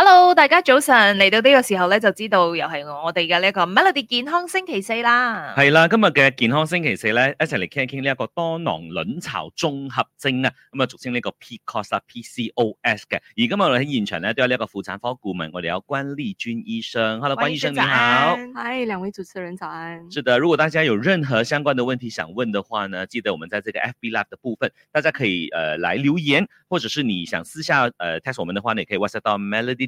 Hello，大家早晨，嚟到呢個時候咧，就知道又係我哋嘅呢個 Melody 健康星期四啦。係啦，今日嘅健康星期四咧，一齊嚟傾傾呢一聊個多囊卵巢綜合症啊，咁啊俗稱呢個 PCOS、PCOS 嘅。而今日我哋喺現場咧都有呢一個婦產科顧問，我哋有關麗君醫生。Hello，關醫生安你好。嗨，兩位主持人早安。是的，如果大家有任何相關的問題想問嘅話呢，記得我們在這個 FB Live 嘅部分，大家可以誒、呃、來留言，嗯、或者是你想私下誒、呃、test 我們嘅話呢，你也可以 WhatsApp 到 Melody。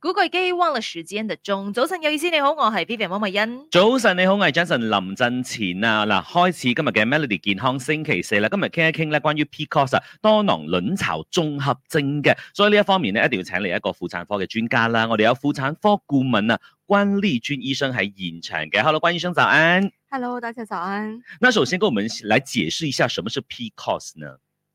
古巨基、忘了時間的鐘。早晨，有意思，你好，我係 Vivian 汪慧欣。早晨你好，我係 Jason 林振前啊，嗱，開始今日嘅 Melody 健康星期四啦，今日傾一傾咧關於 PCOS 多囊卵巢綜合症嘅，所以呢一方面咧一定要請嚟一個婦產科嘅專家啦，我哋有婦產科顧問啊關麗君醫生喺現場嘅，Hello 關醫生早安，Hello 大家早安。那首先跟我們來解釋一下什麼是 PCOS 呢？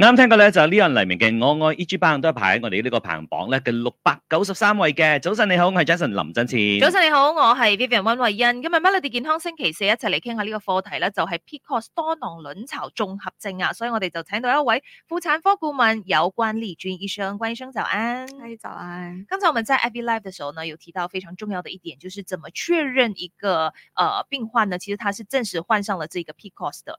啱聽過咧，就呢、是、樣黎明嘅我愛 E.G. b 都係排喺我哋呢個排行榜咧嘅六百九十三位嘅。早晨你好，我係 Jason 林振賜。早晨你好，我係 Vivian 溫慧欣。今日 Melody 健康星期四一齊嚟傾下呢個課題咧，就係、是、PCOS 多囊卵巢綜合症啊。所以我哋就請到一位婦產科顧問有關麗娟醫生。關醫生早安。早安。剛才我們在 Abby Live 嘅時候呢，有提到非常重要的一點，就是怎麼確認一個誒、呃、病患呢？其實他是正式患上了這個 PCOS 的。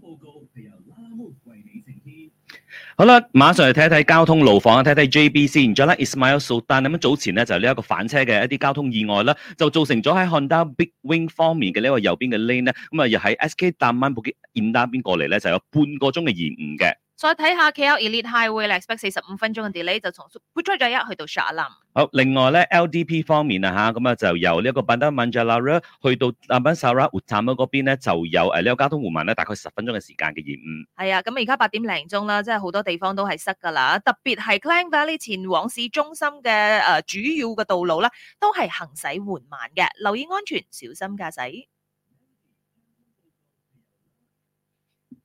報告由為好啦，馬上嚟睇一睇交通路況啊，睇睇 J B 先，再啦，Ismail Sultan。但係咁早前咧就呢一個反車嘅一啲交通意外啦，就造成咗喺 Honda Big Wing 方面嘅呢個右邊嘅 lane 咧，嗯，咁啊又喺 S K 淡濱布吉燕丹邊過嚟咧，就有半個鐘嘅延誤嘅。再睇下 K L Elite Highway，expect 四十五分鐘嘅 delay 就從 Putrajaya 去到 Shah Alam。好，另外咧 L D P 方面啊吓，咁啊就由呢個 Bandar Menjalara 去到 Bandar Seri Utama 嗰邊咧，就有誒呢個交通緩慢咧，大概十分鐘嘅時間嘅延誤。係啊，咁而家八點零鐘啦，即係好多地方都係塞㗎啦，特別係 Klang Valley 前往市中心嘅、呃、主要嘅道路啦，都係行駛緩慢嘅，留意安全，小心駕駛。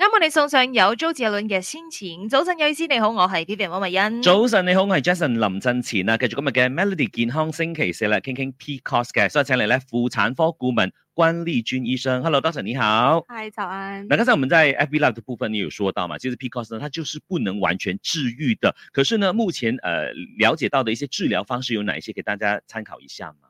今日我哋送上有周杰倫嘅先前。早晨，有意思，你好，我係 d e t e r 黃文欣。早晨，你好，我係 Jason 林振前啊。繼續今日嘅 Melody 健康星期四啦，傾傾 PCOS 嘅，所以請嚟咧婦產科顧問關麗君醫生。Hello，Doctor 你好。Hi，早安。嗱，剛才我們在 F B Live 嘅部分你有說到嘛，其實 PCOS 呢，它就是不能完全治癒的。可是呢，目前呃了解到的一些治療方式有哪一些，給大家參考一下嘛。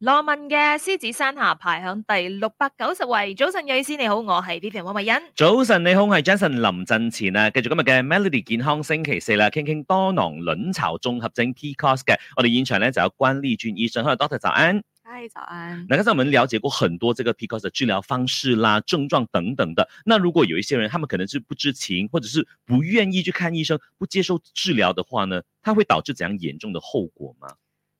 羅文嘅獅子山下排行第六百九十位。早晨，瑞思你好，我係 Vivian 王慧欣。早晨，你好，我係 Jason 林振前啊。繼續今日嘅 Melody 健康星期四啦，傾傾多囊卵巢綜合症 PCOS 嘅。我哋現場咧就有關麗娟醫生，Hello Hi , Doctor 早安。嗨，早安。那剛才我們了解過很多這個 PCOS 嘅治療方式啦、症狀等等的。那如果有一些人，他們可能是不知情，或者是不願意去看醫生、不接受治療的話呢，他會導致怎樣嚴重嘅後果嗎？